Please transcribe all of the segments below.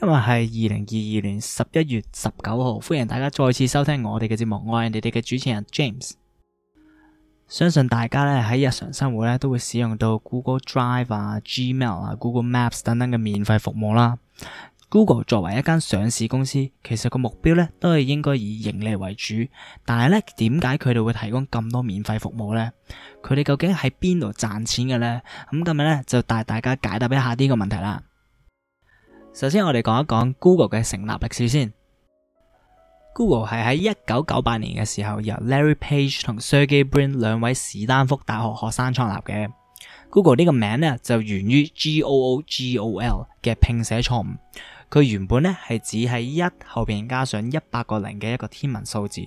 今日係二零二二年十一月十九號，歡迎大家再次收聽我哋嘅節目，我係你哋嘅主持人 James。相信大家咧喺日常生活咧都會使用到 Google Drive 啊、Gmail 啊、Google Maps 等等嘅免費服務啦。Google 作為一間上市公司，其實個目標咧都係應該以盈利為主，但係咧點解佢哋會提供咁多免費服務呢？佢哋究竟喺邊度賺錢嘅呢？咁今日咧就帶大家解答一下呢個問題啦。首先，我哋講一講 Google 嘅成立歷史先。Google 係喺一九九八年嘅時候，由 Larry Page 同 Sergey Brin 兩位史丹福大學學生創立嘅。Google 呢個名呢，就源於 G O O G O L 嘅拼寫錯誤，佢原本呢，係只係一後邊加上一百個零嘅一個天文數字。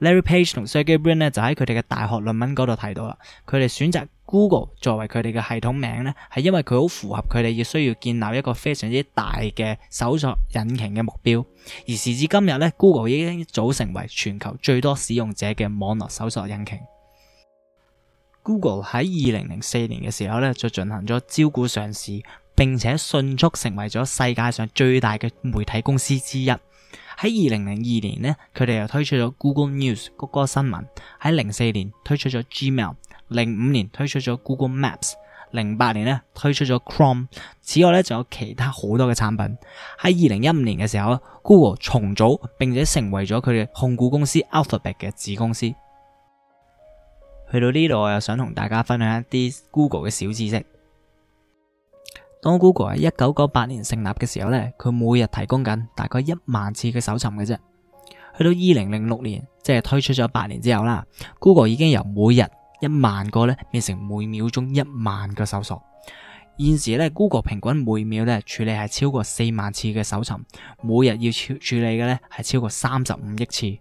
Larry Page 同 Sergey Brin 呢，就喺佢哋嘅大學論文嗰度提到啦，佢哋選擇。Google 作為佢哋嘅系統名呢，係因為佢好符合佢哋要需要建立一個非常之大嘅搜索引擎嘅目標。而時至今日呢，Google 已經一早成為全球最多使用者嘅網絡搜索引擎。Google 喺二零零四年嘅時候呢，就進行咗招股上市，並且迅速成為咗世界上最大嘅媒體公司之一。喺二零零二年呢，佢哋又推出咗 Google News 谷歌新聞。喺零四年推出咗 Gmail。零五年推出咗 Google Maps，零八年呢推出咗 Chrome。此外呢，仲有其他好多嘅產品。喺二零一五年嘅時候，Google 重組並且成為咗佢哋控股公司 Alphabet 嘅子公司。去到呢度，我又想同大家分享一啲 Google 嘅小知識。當 Google 喺一九九八年成立嘅時候呢，佢每日提供緊大概一萬次嘅搜尋嘅啫。去到二零零六年，即係推出咗八年之後啦，Google 已經由每日一萬個咧，變成每秒鐘一萬個搜索。現時咧，Google 平均每秒咧處理係超過四萬次嘅搜尋，每日要處處理嘅咧係超過三十五億次。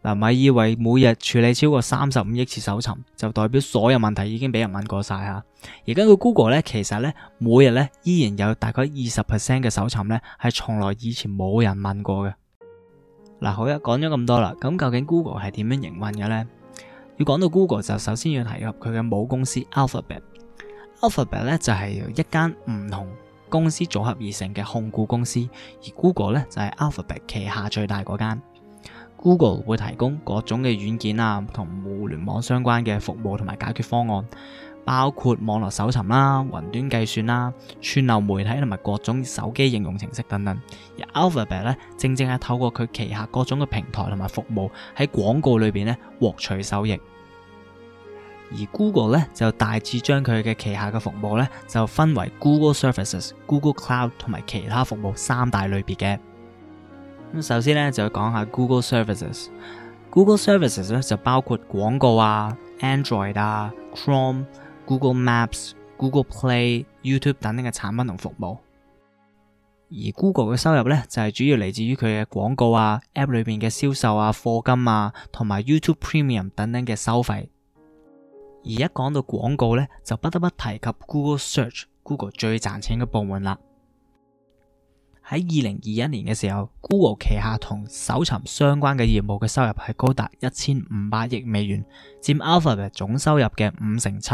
嗱、啊，咪以為每日處理超過三十五億次搜尋就代表所有問題已經俾人問過晒吓？而根據 Google 咧，其實咧每日咧依然有大概二十 percent 嘅搜尋咧係從來以前冇人問過嘅。嗱、啊，好啦，講咗咁多啦，咁究竟 Google 係點樣營運嘅呢？要講到 Google，就首先要提及佢嘅母公司 Alphabet。Alphabet 咧就係由一間唔同公司組合而成嘅控股公司，而 Google 咧就係 Alphabet 旗下最大嗰間。Google 會提供各種嘅軟件啊，同互聯網相關嘅服務同埋解決方案。包括網絡搜尋啦、雲端計算啦、串流媒體同埋各種手機應用程式等等。而 Alphabet 咧，正正係透過佢旗下各種嘅平台同埋服務喺廣告裏邊咧獲取收益。而 Google 咧就大致將佢嘅旗下嘅服務咧就分為 Google Services、Google Cloud 同埋其他服務三大類別嘅。咁首先咧就要講下 Google Services。Google Services 咧就包括廣告啊、Android 啊、Chrome。Google Maps、Google Play、YouTube 等等嘅產品同服務，而 Google 嘅收入呢，就係、是、主要嚟自於佢嘅廣告啊、App 裏面嘅銷售啊、課金啊，同埋 YouTube Premium 等等嘅收費。而一講到廣告呢，就不得不提及 Google Search，Google 最賺錢嘅部門啦。喺二零二一年嘅時候，Google 旗下同搜尋相關嘅業務嘅收入係高達一千五百億美元，佔 Alphabet 總收入嘅五成七。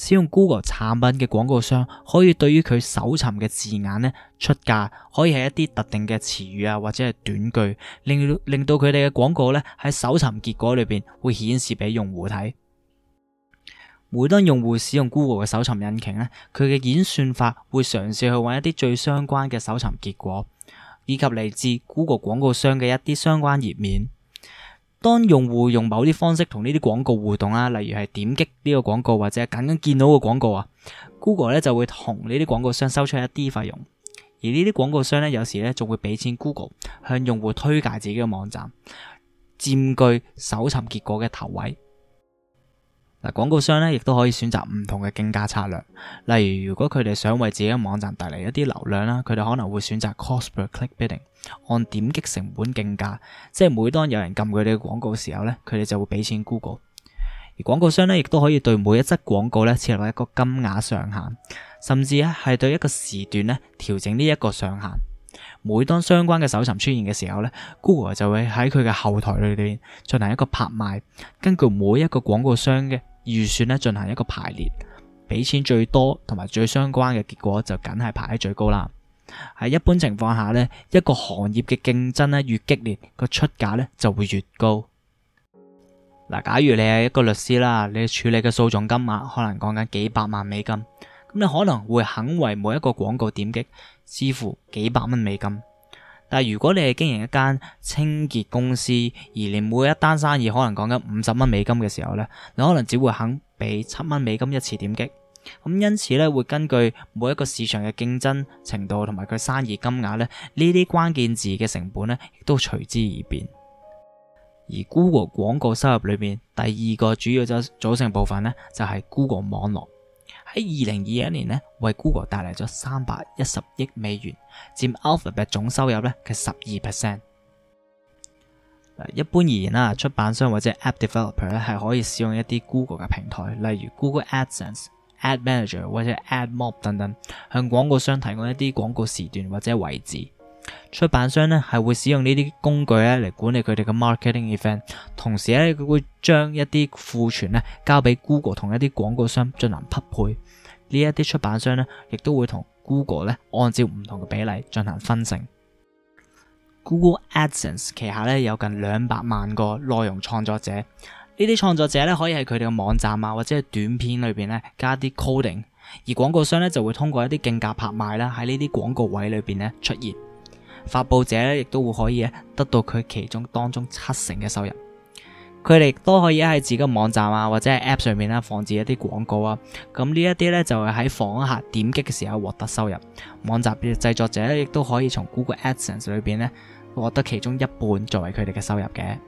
使用 Google 產品嘅廣告商可以對於佢搜尋嘅字眼咧出價，可以係一啲特定嘅詞語啊，或者係短句，令令到佢哋嘅廣告咧喺搜尋結果裏面會顯示俾用戶睇。每當用戶使用 Google 嘅搜尋引擎咧，佢嘅演算法會嘗試去揾一啲最相關嘅搜尋結果，以及嚟自 Google 廣告商嘅一啲相關頁面。當用戶用某啲方式同呢啲廣告互動啊，例如係點擊呢個廣告或者係僅僅見到個廣告啊，Google 咧，就會同呢啲廣告商收出一啲費用，而呢啲廣告商咧有時咧仲會俾錢 Google 向用戶推介自己嘅網站，佔據搜尋結果嘅頭位。廣告商咧，亦都可以選擇唔同嘅競價策略。例如，如果佢哋想為自己嘅網站帶嚟一啲流量啦，佢哋可能會選擇 cost per click bidding，按點擊成本競價。即係每當有人撳佢哋嘅廣告嘅時候咧，佢哋就會俾錢 Google。而廣告商咧，亦都可以對每一則廣告咧設立一個金額上限，甚至咧係對一個時段咧調整呢一個上限。每當相關嘅搜尋出現嘅時候咧，Google 就會喺佢嘅後台裏面進行一個拍賣，根據每一個廣告商嘅預算咧進行一個排列，俾錢最多同埋最相關嘅結果就梗係排喺最高啦。喺一般情況下呢，一個行業嘅競爭呢越激烈，個出價呢就會越高。嗱，假如你係一個律師啦，你處理嘅訴訟金額可能講緊幾百萬美金，咁你可能會肯為每一個廣告點擊支付幾百蚊美金。但如果你係經營一間清潔公司，而連每一單生意可能講緊五十蚊美金嘅時候呢，你可能只會肯俾七蚊美金一次點擊。咁因此呢，會根據每一個市場嘅競爭程度同埋佢生意金額呢，呢啲關鍵字嘅成本呢亦都隨之而變。而 Google 廣告收入裏面第二個主要就組成部分呢，就係 Google 網絡。喺二零二一年呢為 Google 帶來咗三百一十億美元，佔 Alphabet 總收入咧嘅十二 percent。一般而言，出版商或者 App developer 咧係可以使用一啲 Google 嘅平台，例如 Google AdSense、Ad Manager 或者 AdMob 等等，向廣告商提供一啲廣告時段或者位置。出版商呢係會使用呢啲工具咧嚟管理佢哋嘅 marketing event，同時咧佢會將一啲庫存咧交俾 Google 同一啲廣告商進行匹配。呢一啲出版商呢亦都會同 Google 咧按照唔同嘅比例進行分成。Google AdSense 旗下咧有近兩百萬個內容創作者，呢啲創作者咧可以喺佢哋嘅網站啊或者係短片裏邊咧加啲 coding，而廣告商咧就會通過一啲競價拍賣啦喺呢啲廣告位裏邊咧出現。發佈者咧，亦都會可以得到佢其中當中七成嘅收入。佢哋都可以喺自己網站啊，或者係 App 上面啦，放置一啲廣告啊。咁呢一啲咧就係喺訪客點擊嘅時候獲得收入。網站嘅製作者咧，亦都可以從 Google AdSense 裏邊咧獲得其中一半作為佢哋嘅收入嘅。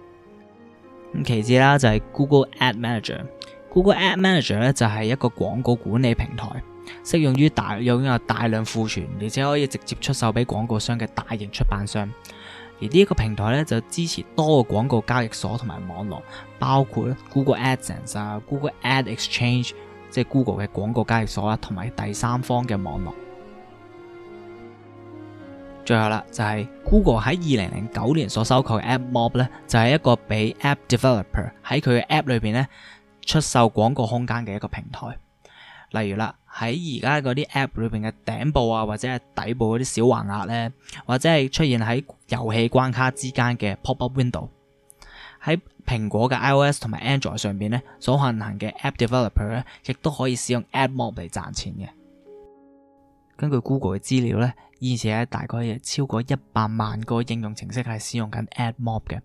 咁其次啦，就係 Google Ad Manager。Google Ad Manager 咧就係一個廣告管理平台。適用於大擁有，有大量庫存，而且可以直接出售俾廣告商嘅大型出版商。而呢一個平台咧就支持多個廣告交易所同埋網絡，包括 Google AdSense 啊、Google Ad Exchange，即係 Google 嘅廣告交易所啦，同埋第三方嘅網絡。最後啦，就係、是、Google 喺二零零九年所收購嘅 AppMob 咧，就係、是、一個俾 App Developer 喺佢嘅 App 裏邊咧出售廣告空間嘅一個平台。例如啦，喺而家嗰啲 App 裏邊嘅頂部啊，或者係底部嗰啲小橫額咧，或者係出現喺遊戲關卡之間嘅 Pop Up Window，喺蘋果嘅 iOS 同埋 Android 上邊咧，所運行嘅 App Developer 咧，亦都可以使用 AdMob 嚟賺錢嘅。根據 Google 嘅資料咧，而且大概有超過一百萬個應用程式係使用緊 AdMob 嘅，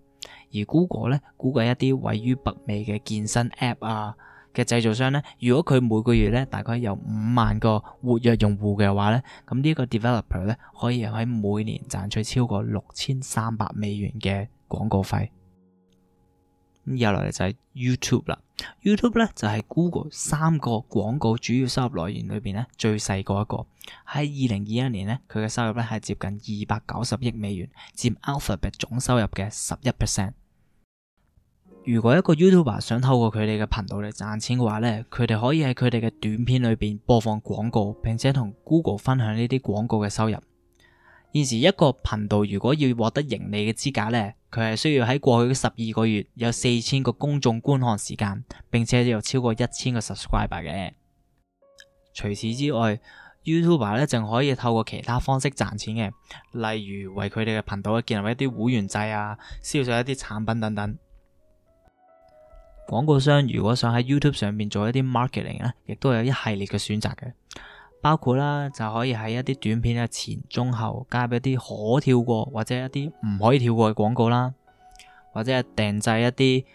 而 Google 咧估計一啲位於北美嘅健身 App 啊。嘅製造商呢，如果佢每個月呢大概有五萬個活躍用戶嘅話呢，咁呢個 developer 呢可以喺每年賺取超過六千三百美元嘅廣告費。咁又嚟就係 YouTube 啦，YouTube 呢就係 Google 三個廣告主要收入來源裏面呢最細個一個。喺二零二一年呢，佢嘅收入呢係接近二百九十億美元，佔 Alphabet 總收入嘅十一 percent。如果一個 YouTuber 想透過佢哋嘅頻道嚟賺錢嘅話呢，佢哋可以喺佢哋嘅短片裏邊播放廣告，並且同 Google 分享呢啲廣告嘅收入。現時一個頻道如果要獲得盈利嘅資格呢，佢係需要喺過去嘅十二個月有四千個公眾觀看時間，並且有超過一千個 subscriber 嘅。除此之外，YouTuber 呢仲可以透過其他方式賺錢嘅，例如為佢哋嘅頻道建立一啲會員制啊，銷售一啲產品等等。廣告商如果想喺 YouTube 上面做一啲 marketing 咧，亦都有一系列嘅選擇嘅，包括啦就可以喺一啲短片嘅前、中、後加入一啲可跳過或者一啲唔可以跳過嘅廣告啦，或者係訂製一啲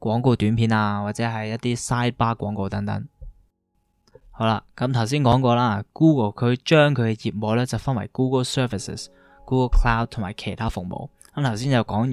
廣告短片啊，或者係一啲 sidebar 廣告等等。好啦，咁頭先講過啦，Google 佢將佢嘅業務咧就分為 Google Services、Google Cloud 同埋其他服務。咁頭先就講完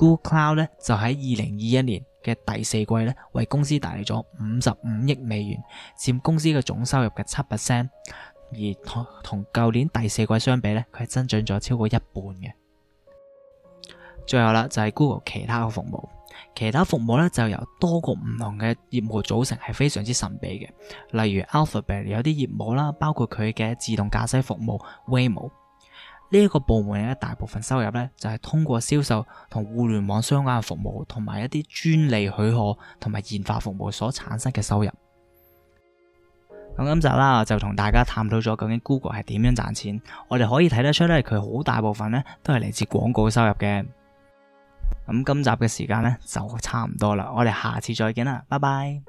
Google Cloud 咧就喺二零二一年嘅第四季咧，為公司帶嚟咗五十五億美元，佔公司嘅總收入嘅七 percent，而同同舊年第四季相比咧，佢係增長咗超過一半嘅。最後啦，就係 Google 其他嘅服務，其他服務咧就由多個唔同嘅業務組成，係非常之神秘嘅，例如 Alphabet 有啲業務啦，包括佢嘅自動駕駛服務 Waymo。呢、這個部門嘅大部分收入呢，就係通過銷售同互聯網相關嘅服務，同埋一啲專利許可同埋研發服務所產生嘅收入。咁今集啦，就同大家探討咗究竟 Google 係點樣賺錢。我哋可以睇得出呢，佢好大部分呢都係嚟自廣告收入嘅。咁今集嘅時間呢，就差唔多啦，我哋下次再見啦，拜拜。